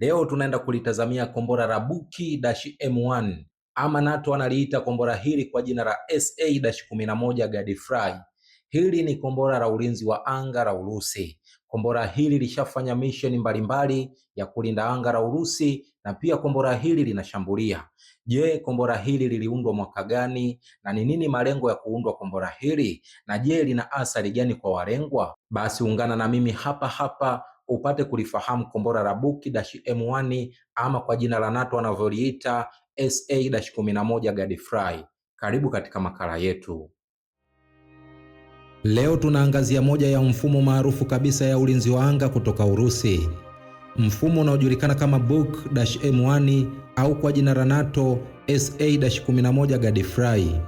Leo tunaenda kulitazamia kombora la Buki-M1 ama NATO analiita kombora hili kwa jina la SA-11 Gadfly. Hili ni kombora la ulinzi wa anga la Urusi. Kombora hili lishafanya misheni mbalimbali ya kulinda anga la Urusi na pia kombora hili linashambulia. Je, kombora hili liliundwa mwaka gani na ni nini malengo ya kuundwa kombora hili na je, lina athari gani kwa walengwa? Basi ungana na mimi hapa hapa upate kulifahamu kombora la Buki M1 ama kwa jina la NATO wanavyoliita SA-11 Gadfly. Karibu katika makala yetu. Leo tunaangazia moja ya mfumo maarufu kabisa ya ulinzi wa anga kutoka Urusi, mfumo unaojulikana kama Buk M1 au kwa jina la NATO SA-11 Gadfly.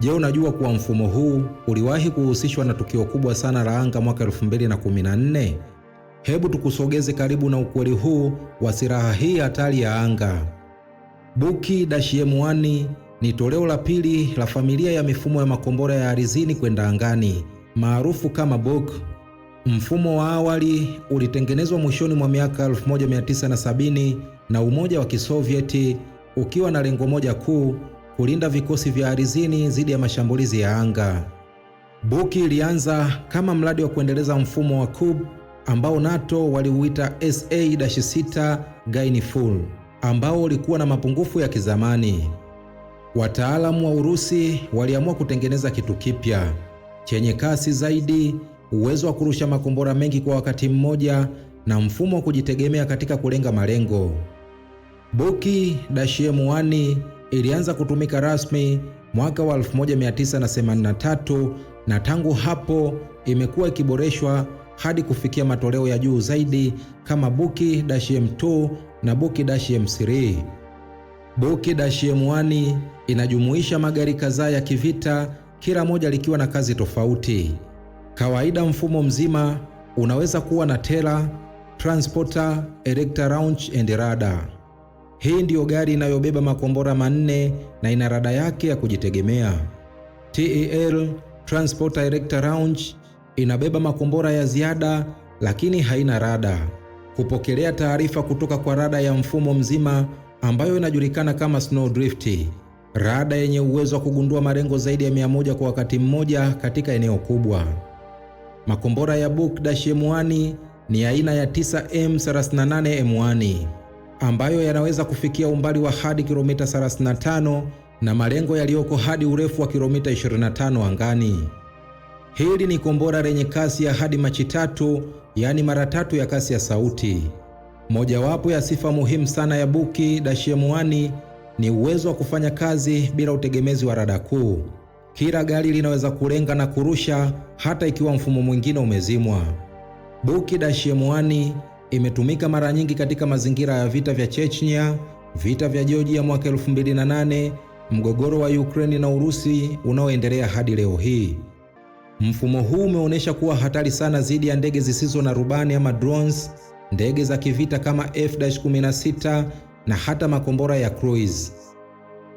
Je, unajua kuwa mfumo huu uliwahi kuhusishwa na tukio kubwa sana la anga mwaka 2014 hebu tukusogeze karibu na ukweli huu wa silaha hii hatari ya anga. Buki dashi M1 ni toleo la pili la familia ya mifumo ya makombora ya ardhini kwenda angani maarufu kama Buk. Mfumo wa awali ulitengenezwa mwishoni mwa miaka 1970 na Umoja wa Kisovieti ukiwa na lengo moja kuu, kulinda vikosi vya ardhini dhidi ya mashambulizi ya anga. Buki ilianza kama mradi wa kuendeleza mfumo wa Kub ambao NATO waliuita SA-6 Gainful ambao ulikuwa na mapungufu ya kizamani. Wataalamu wa Urusi waliamua kutengeneza kitu kipya chenye kasi zaidi, uwezo wa kurusha makombora mengi kwa wakati mmoja na mfumo wa kujitegemea katika kulenga malengo. Buki-M1 ilianza kutumika rasmi mwaka wa 1983 na tangu hapo imekuwa ikiboreshwa hadi kufikia matoleo ya juu zaidi kama Buki M2 na Buki M3. Buki M1 inajumuisha magari kadhaa ya kivita, kila moja likiwa na kazi tofauti. Kawaida mfumo mzima unaweza kuwa na tela, transporter, erector launch and radar. Hii ndiyo gari inayobeba makombora manne na ina rada yake ya kujitegemea. TEL, transporter, erector launch inabeba makombora ya ziada lakini haina rada. kupokelea taarifa kutoka kwa rada ya mfumo mzima ambayo inajulikana kama Snowdrift, rada yenye uwezo wa kugundua malengo zaidi ya 100 kwa wakati mmoja katika eneo kubwa. Makombora ya Buk M1 ni aina ya 9M38 M1 ambayo yanaweza kufikia umbali wa hadi kilomita 35 na malengo yaliyoko hadi urefu wa kilomita 25 angani. Hili ni kombora lenye kasi ya hadi Machi tatu, yaani mara tatu ya kasi ya sauti. Mojawapo ya sifa muhimu sana ya Buki dashi M1 ni uwezo wa kufanya kazi bila utegemezi wa rada kuu. Kila gari linaweza kulenga na kurusha hata ikiwa mfumo mwingine umezimwa. Buki dashi M1 imetumika mara nyingi katika mazingira ya vita vya Chechnya, vita vya Georgia mwaka 2008, mgogoro wa Ukraine na Urusi unaoendelea hadi leo hii. Mfumo huu umeonyesha kuwa hatari sana dhidi ya ndege zisizo na rubani ama drones, ndege za kivita kama F-16 na hata makombora ya cruise.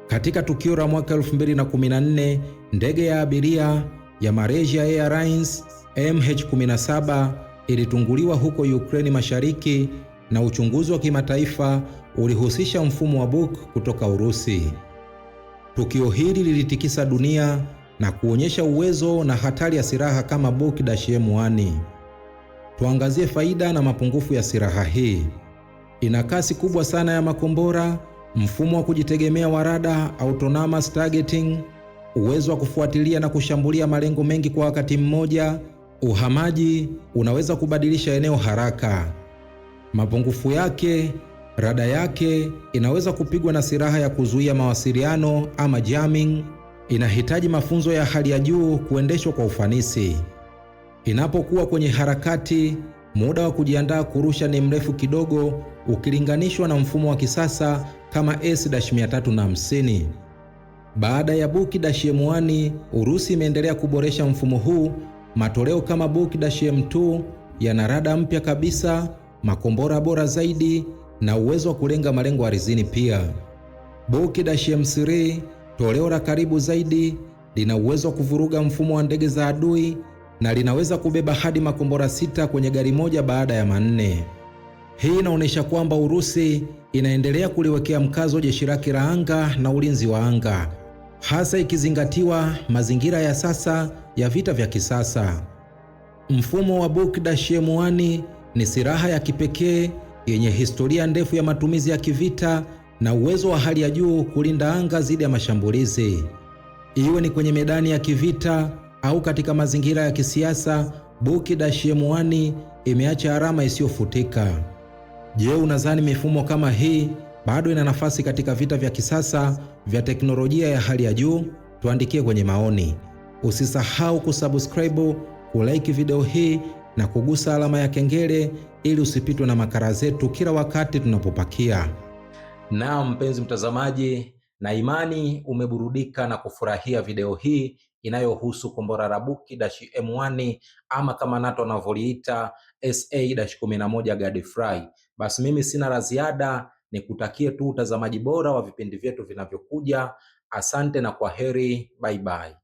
Katika tukio la mwaka 2014, ndege ya abiria ya Malaysia Airlines MH17 ilitunguliwa huko Ukraine Mashariki na uchunguzi wa kimataifa ulihusisha mfumo wa Buk kutoka Urusi. Tukio hili lilitikisa dunia na kuonyesha uwezo na hatari ya silaha kama Boki M1. Tuangazie faida na mapungufu ya silaha hii. Ina kasi kubwa sana ya makombora, mfumo wa kujitegemea wa rada autonomous targeting, uwezo wa kufuatilia na kushambulia malengo mengi kwa wakati mmoja, uhamaji, unaweza kubadilisha eneo haraka. Mapungufu yake, rada yake inaweza kupigwa na silaha ya kuzuia mawasiliano ama jamming inahitaji mafunzo ya hali ya juu kuendeshwa kwa ufanisi. Inapokuwa kwenye harakati, muda wa kujiandaa kurusha ni mrefu kidogo ukilinganishwa na mfumo wa kisasa kama S-350. Baada ya Buk M1, Urusi imeendelea kuboresha mfumo huu. Matoleo kama Buk M2 yana rada mpya kabisa, makombora bora zaidi na uwezo wa kulenga malengo ardhini pia. Buk M3 Toleo la karibu zaidi lina uwezo wa kuvuruga mfumo wa ndege za adui na linaweza kubeba hadi makombora sita kwenye gari moja baada ya manne. Hii inaonyesha kwamba Urusi inaendelea kuliwekea mkazo jeshi lake la anga na ulinzi wa anga, hasa ikizingatiwa mazingira ya sasa ya vita vya kisasa. Mfumo wa Buk-M1 ni silaha ya kipekee yenye historia ndefu ya matumizi ya kivita na uwezo wa hali ya juu kulinda anga dhidi ya mashambulizi. Iwe ni kwenye medani ya kivita au katika mazingira ya kisiasa, Buki Dashi M1 imeacha alama isiyofutika. Je, unadhani mifumo kama hii bado ina nafasi katika vita vya kisasa vya teknolojia ya hali ya juu? Tuandikie kwenye maoni. Usisahau kusubscribe, kulike video hii na kugusa alama ya kengele ili usipitwe na makala zetu kila wakati tunapopakia. Naam, mpenzi mtazamaji, na imani umeburudika na kufurahia video hii inayohusu kombora rabuki dash M1 ama kama NATO anavyoliita SA-11 Gadfly. Basi mimi sina la ziada, ni kutakie tu utazamaji bora wa vipindi vyetu vinavyokuja. Asante na heri, bye bye.